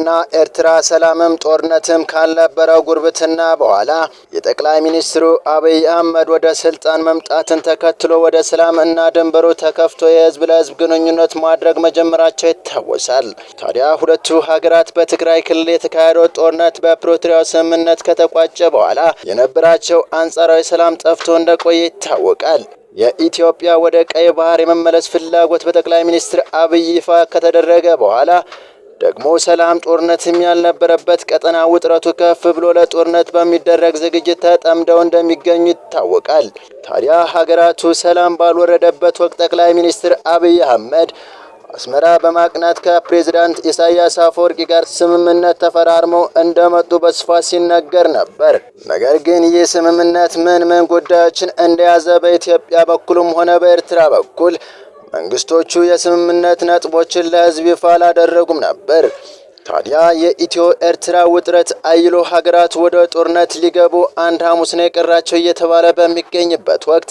ኢትዮጵያና ኤርትራ ሰላምም ጦርነትም ካልነበረው ጉርብትና በኋላ የጠቅላይ ሚኒስትሩ አብይ አህመድ ወደ ስልጣን መምጣትን ተከትሎ ወደ ሰላም እና ድንበሩ ተከፍቶ የህዝብ ለህዝብ ግንኙነት ማድረግ መጀመራቸው ይታወሳል። ታዲያ ሁለቱ ሀገራት በትግራይ ክልል የተካሄደው ጦርነት በፕሪቶሪያው ስምምነት ከተቋጨ በኋላ የነበራቸው አንጻራዊ ሰላም ጠፍቶ እንደቆየ ይታወቃል። የኢትዮጵያ ወደ ቀይ ባህር የመመለስ ፍላጎት በጠቅላይ ሚኒስትር አብይ ይፋ ከተደረገ በኋላ ደግሞ ሰላም ጦርነትም ያልነበረበት ቀጠና ውጥረቱ ከፍ ብሎ ለጦርነት በሚደረግ ዝግጅት ተጠምደው እንደሚገኙ ይታወቃል። ታዲያ ሀገራቱ ሰላም ባልወረደበት ወቅት ጠቅላይ ሚኒስትር አብይ አህመድ አስመራ በማቅናት ከፕሬዝዳንት ኢሳያስ አፈወርቂ ጋር ስምምነት ተፈራርመው እንደመጡ በስፋት ሲነገር ነበር። ነገር ግን ይህ ስምምነት ምን ምን ጉዳዮችን እንደያዘ በኢትዮጵያ በኩልም ሆነ በኤርትራ በኩል መንግስቶቹ የስምምነት ነጥቦችን ለህዝብ ይፋ አላደረጉም ነበር። ታዲያ የኢትዮ ኤርትራ ውጥረት አይሎ ሀገራት ወደ ጦርነት ሊገቡ አንድ ሐሙስ ነው የቀራቸው እየተባለ በሚገኝበት ወቅት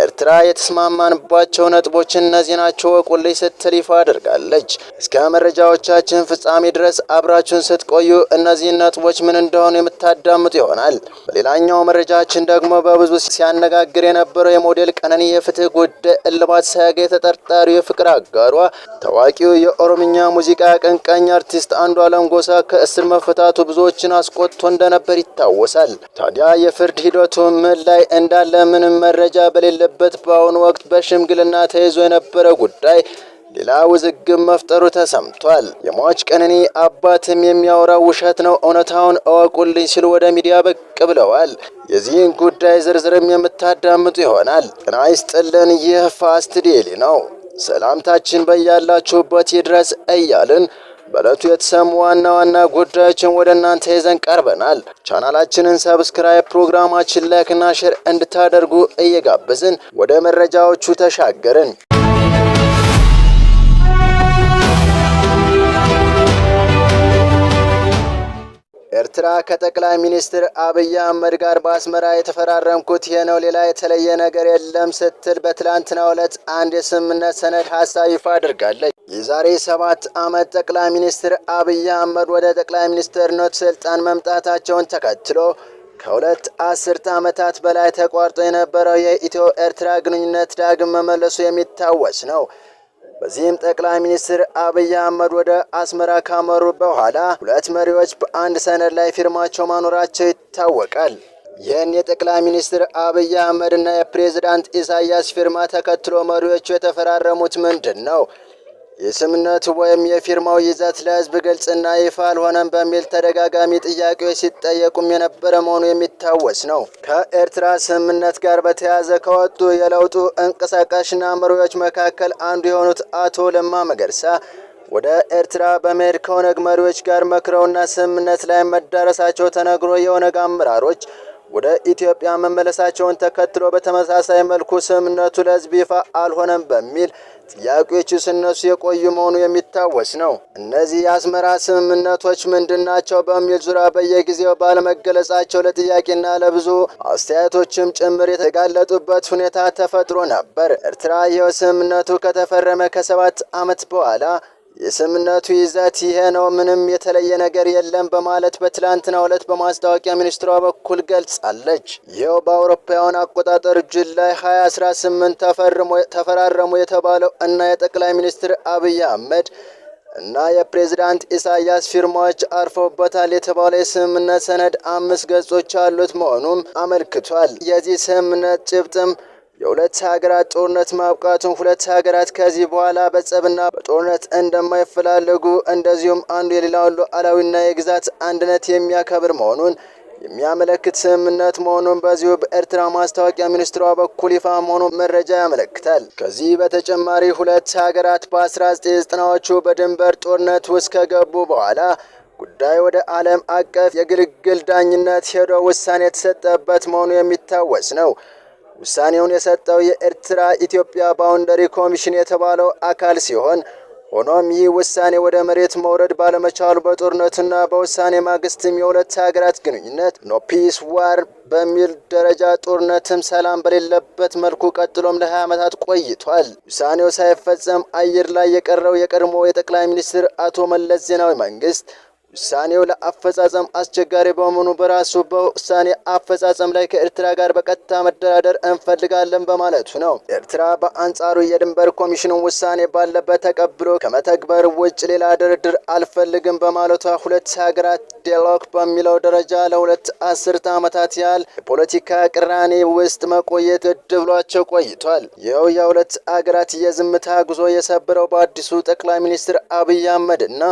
ኤርትራ የተስማማንባቸው ነጥቦች እነዚህ ናቸው ወቁልኝ ስትል ይፋ አድርጋለች። እስከ መረጃዎቻችን ፍጻሜ ድረስ አብራችሁን ስትቆዩ እነዚህን ነጥቦች ምን እንደሆኑ የምታዳምጡ ይሆናል። በሌላኛው መረጃችን ደግሞ በብዙ ሲያነጋግር የነበረው የሞዴል ቀነኒ የፍትህ ጉዳይ እልባት ሳያገኝ ተጠርጣሪው የፍቅር አጋሯ ታዋቂው የኦሮምኛ ሙዚቃ አቀንቃኝ አርቲስት አንዷለም ጎሳ ከእስር መፈታቱ ብዙዎችን አስቆጥቶ እንደነበር ይታወሳል። ታዲያ የፍርድ ሂደቱ ምን ላይ እንዳለ ምንም መረጃ በሌለ ባለበት በአሁኑ ወቅት በሽምግልና ተይዞ የነበረ ጉዳይ ሌላ ውዝግብ መፍጠሩ ተሰምቷል። የሟች ቀነኒ አባትም የሚያወራው ውሸት ነው፣ እውነታውን እወቁልኝ ሲሉ ወደ ሚዲያ ብቅ ብለዋል። የዚህን ጉዳይ ዝርዝርም የምታዳምጡ ይሆናል። ጤና ይስጥልን። ይህ ፋስት ዴሊ ነው። ሰላምታችን በያላችሁበት ይድረስ እያልን በእለቱ የተሰሙ ዋና ዋና ጉዳዮችን ወደ እናንተ ይዘን ቀርበናል። ቻናላችንን ሰብስክራይብ፣ ፕሮግራማችን ላይክና ሼር እንድታደርጉ እየጋበዝን ወደ መረጃዎቹ ተሻገርን። ኤርትራ ከጠቅላይ ሚኒስትር አብይ አህመድ ጋር በአስመራ የተፈራረምኩት ይህ ነው፣ ሌላ የተለየ ነገር የለም ስትል በትላንትናው ዕለት አንድ የስምምነት ሰነድ ሀሳብ ይፋ አድርጋለች። የዛሬ ሰባት ዓመት ጠቅላይ ሚኒስትር አብይ አህመድ ወደ ጠቅላይ ሚኒስትርነት ስልጣን መምጣታቸውን ተከትሎ ከሁለት አስርተ ዓመታት በላይ ተቋርጦ የነበረው የኢትዮ ኤርትራ ግንኙነት ዳግም መመለሱ የሚታወስ ነው። በዚህም ጠቅላይ ሚኒስትር አብይ አህመድ ወደ አስመራ ካመሩ በኋላ ሁለት መሪዎች በአንድ ሰነድ ላይ ፊርማቸው ማኖራቸው ይታወቃል። ይህን የጠቅላይ ሚኒስትር አብይ አህመድና የፕሬዝዳንት ኢሳያስ ፊርማ ተከትሎ መሪዎቹ የተፈራረሙት ምንድን ነው? የስምነት ወይም የፊርማው ይዘት ለህዝብ ግልጽና ይፋ አልሆነም በሚል ተደጋጋሚ ጥያቄዎች ሲጠየቁም የነበረ መሆኑ የሚታወስ ነው። ከኤርትራ ስምምነት ጋር በተያያዘ ከወጡ የለውጡ እንቀሳቃሽና መሪዎች መካከል አንዱ የሆኑት አቶ ለማ መገርሳ ወደ ኤርትራ በመሄድ ከኦነግ መሪዎች ጋር መክረውና ስምምነት ላይ መዳረሳቸው ተነግሮ የኦነግ አመራሮች ወደ ኢትዮጵያ መመለሳቸውን ተከትሎ በተመሳሳይ መልኩ ስምምነቱ ለህዝብ ይፋ አልሆነም በሚል ጥያቄዎቹ ስነሱ የቆዩ መሆኑ የሚታወስ ነው። እነዚህ የአስመራ ስምምነቶች ምንድናቸው በሚል ዙሪያ በየጊዜው ባለመገለጻቸው ለጥያቄና ለብዙ አስተያየቶችም ጭምር የተጋለጡበት ሁኔታ ተፈጥሮ ነበር። ኤርትራ ይኸው ስምምነቱ ከተፈረመ ከሰባት ዓመት በኋላ የስምነቱ ይዘት ይሄ ነው፣ ምንም የተለየ ነገር የለም በማለት በትላንትናው ዕለት በማስታወቂያ ሚኒስትሯ በኩል ገልጻለች። ይኸው በአውሮፓውያን አቆጣጠር ጁላይ 2018 ተፈራረሙ የተባለው እና የጠቅላይ ሚኒስትር አብይ አህመድ እና የፕሬዝዳንት ኢሳያስ ፊርማዎች አርፎበታል የተባለ የስምምነት ሰነድ አምስት ገጾች ያሉት መሆኑም አመልክቷል። የዚህ ስምምነት ጭብጥም የሁለት ሀገራት ጦርነት ማብቃቱን ሁለት ሀገራት ከዚህ በኋላ በጸብና በጦርነት እንደማይፈላለጉ እንደዚሁም አንዱ የሌላውን ሉዓላዊና የግዛት አንድነት የሚያከብር መሆኑን የሚያመለክት ስምምነት መሆኑን በዚሁ በኤርትራ ማስታወቂያ ሚኒስትሯ በኩል ይፋ መሆኑን መረጃ ያመለክታል። ከዚህ በተጨማሪ ሁለት ሀገራት በ1990ዎቹ በድንበር ጦርነት ውስጥ ከገቡ በኋላ ጉዳይ ወደ ዓለም አቀፍ የግልግል ዳኝነት ሄዶ ውሳኔ የተሰጠበት መሆኑ የሚታወስ ነው። ውሳኔውን የሰጠው የኤርትራ ኢትዮጵያ ባውንደሪ ኮሚሽን የተባለው አካል ሲሆን ሆኖም ይህ ውሳኔ ወደ መሬት መውረድ ባለመቻሉ በጦርነትና በውሳኔ ማግስትም የሁለት ሀገራት ግንኙነት ኖ ፒስ ዋር በሚል ደረጃ ጦርነትም ሰላም በሌለበት መልኩ ቀጥሎም ለ20 ዓመታት ቆይቷል። ውሳኔው ሳይፈጸም አየር ላይ የቀረው የቀድሞ የጠቅላይ ሚኒስትር አቶ መለስ ዜናዊ መንግስት ውሳኔው ለአፈጻጸም አስቸጋሪ በመሆኑ በራሱ በውሳኔ አፈጻጸም ላይ ከኤርትራ ጋር በቀጥታ መደራደር እንፈልጋለን በማለቱ ነው። ኤርትራ በአንጻሩ የድንበር ኮሚሽኑን ውሳኔ ባለበት ተቀብሎ ከመተግበር ውጭ ሌላ ድርድር አልፈልግም በማለቷ ሁለት ሀገራት ዲያሎግ በሚለው ደረጃ ለሁለት አስርተ ዓመታት ያህል የፖለቲካ ቅራኔ ውስጥ መቆየት ግድ ብሏቸው ቆይቷል። ይኸው የሁለት አገራት የዝምታ ጉዞ የሰበረው በአዲሱ ጠቅላይ ሚኒስትር አብይ አህመድ እና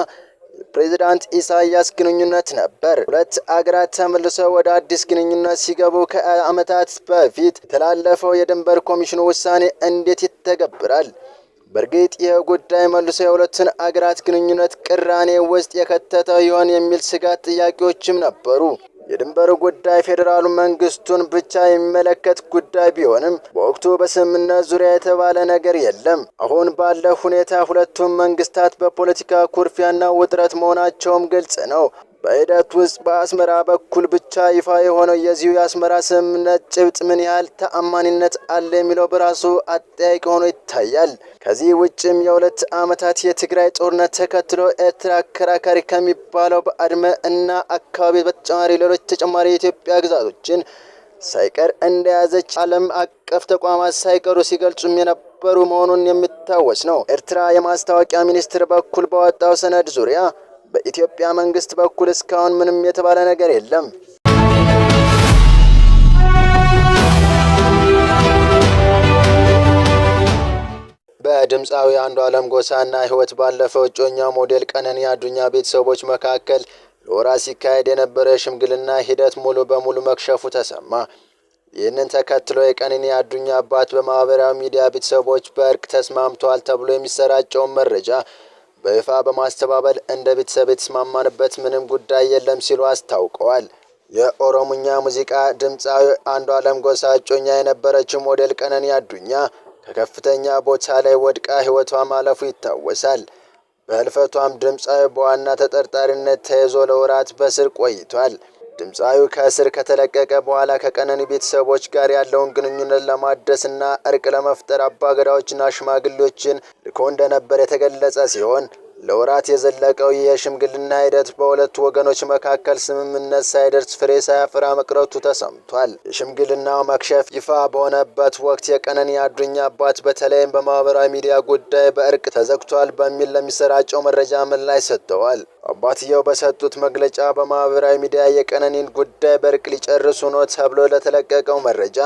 ፕሬዚዳንት ኢሳያስ ግንኙነት ነበር። ሁለት አገራት ተመልሰው ወደ አዲስ ግንኙነት ሲገቡ ከአመታት በፊት የተላለፈው የድንበር ኮሚሽኑ ውሳኔ እንዴት ይተገብራል? በእርግጥ ይህ ጉዳይ መልሶ የሁለቱን አገራት ግንኙነት ቅራኔ ውስጥ የከተተው ይሆን የሚል ስጋት ጥያቄዎችም ነበሩ። የድንበር ጉዳይ ፌዴራሉ መንግስቱን ብቻ የሚመለከት ጉዳይ ቢሆንም በወቅቱ በስምምነት ዙሪያ የተባለ ነገር የለም። አሁን ባለ ሁኔታ ሁለቱም መንግስታት በፖለቲካ ኩርፊያና ውጥረት መሆናቸውም ግልጽ ነው። በሂደት ውስጥ በአስመራ በኩል ብቻ ይፋ የሆነው የዚሁ የአስመራ ስምምነት ጭብጥ ምን ያህል ተአማኒነት አለ የሚለው በራሱ አጠያቂ ሆኖ ይታያል። ከዚህ ውጭም የሁለት ዓመታት የትግራይ ጦርነት ተከትሎ ኤርትራ አከራካሪ ከሚባለው በአድመ እና አካባቢ በተጨማሪ ሌሎች ተጨማሪ የኢትዮጵያ ግዛቶችን ሳይቀር እንደያዘች ዓለም አቀፍ ተቋማት ሳይቀሩ ሲገልጹም የነበሩ መሆኑን የሚታወስ ነው። ኤርትራ የማስታወቂያ ሚኒስቴር በኩል በወጣው ሰነድ ዙሪያ በኢትዮጵያ መንግስት በኩል እስካሁን ምንም የተባለ ነገር የለም። በድምፃዊ አንዱ ጎሳ ጎሳና ህይወት ባለፈው እጮኛው ሞዴል ቀነኒ አዱኛ ቤተሰቦች መካከል ሎራ ሲካሄድ የነበረ የሽምግልና ሂደት ሙሉ በሙሉ መክሸፉ ተሰማ። ይህንን ተከትሎ የቀነኒ አዱኛ አባት በማህበራዊ ሚዲያ ቤተሰቦች በእርቅ ተስማምተዋል ተብሎ የሚሰራጨውን መረጃ በይፋ በማስተባበል እንደ ቤተሰብ የተስማማንበት ምንም ጉዳይ የለም ሲሉ አስታውቀዋል። የኦሮምኛ ሙዚቃ ድምፃዊ አንዷለም ጎሳ እጮኛ የነበረችው ሞዴል ቀነኒ አዱኛ ከከፍተኛ ቦታ ላይ ወድቃ ሕይወቷ ማለፉ ይታወሳል። በህልፈቷም ድምፃዊ በዋና ተጠርጣሪነት ተይዞ ለወራት በስር ቆይቷል። ድምፃዊ ከእስር ከተለቀቀ በኋላ ከቀነኒ ቤተሰቦች ጋር ያለውን ግንኙነት ለማደስና እርቅ ለመፍጠር አባገዳዎችና ሽማግሌዎችን ልኮ እንደነበር የተገለጸ ሲሆን ለወራት የዘለቀው ይህ የሽምግልና ሂደት በሁለቱ ወገኖች መካከል ስምምነት ሳይደርስ ፍሬ ሳያፈራ መቅረቱ ተሰምቷል። የሽምግልናው መክሸፍ ይፋ በሆነበት ወቅት የቀነኒ አዱኛ አባት በተለይም በማህበራዊ ሚዲያ ጉዳይ በእርቅ ተዘግቷል በሚል ለሚሰራጨው መረጃ ምላሽ ሰጥተዋል። አባትየው በሰጡት መግለጫ በማህበራዊ ሚዲያ የቀነኒን ጉዳይ በእርቅ ሊጨርሱ ነው ተብሎ ለተለቀቀው መረጃ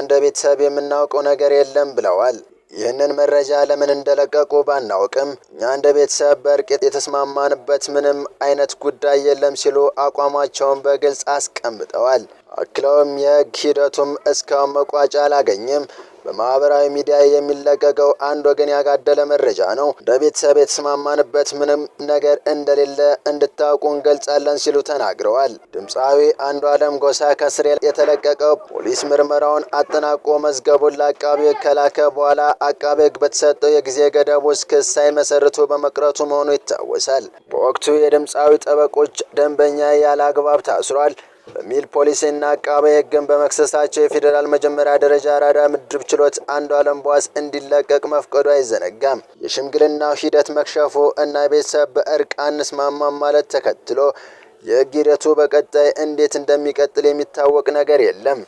እንደ ቤተሰብ የምናውቀው ነገር የለም ብለዋል። ይህንን መረጃ ለምን እንደለቀቁ ባናውቅም እኛ እንደ ቤተሰብ በእርቅ የተስማማንበት ምንም አይነት ጉዳይ የለም ሲሉ አቋማቸውን በግልጽ አስቀምጠዋል። አክለውም የህግ ሂደቱም እስካሁን መቋጫ አላገኝም በማህበራዊ ሚዲያ የሚለቀቀው አንድ ወገን ያጋደለ መረጃ ነው። ለቤተሰብ የተስማማንበት ምንም ነገር እንደሌለ እንድታውቁ እንገልጻለን ሲሉ ተናግረዋል። ድምፃዊ አንዱ አለም ጎሳ ከስር የተለቀቀው ፖሊስ ምርመራውን አጠናቆ መዝገቡን ለአቃቤ ሕግ ከላከ በኋላ አቃቤ ሕግ በተሰጠው የጊዜ ገደብ ውስጥ ክስ ሳይመሰርቱ በመቅረቱ መሆኑ ይታወሳል። በወቅቱ የድምፃዊ ጠበቆች ደንበኛ ያለ አግባብ ታስሯል በሚል እና አቃቤ ሕግን በመክሰሳቸው የፌዴራል መጀመሪያ ደረጃ አራዳ ምድብ ችሎት አንዷለም ቧስ እንዲለቀቅ መፍቀዱ አይዘነጋም። የሽምግልናው ሂደት መክሸፉ እና ቤተሰብ በእርቅ አንስማማም ማለት ተከትሎ የሕግ ሂደቱ በቀጣይ እንዴት እንደሚቀጥል የሚታወቅ ነገር የለም።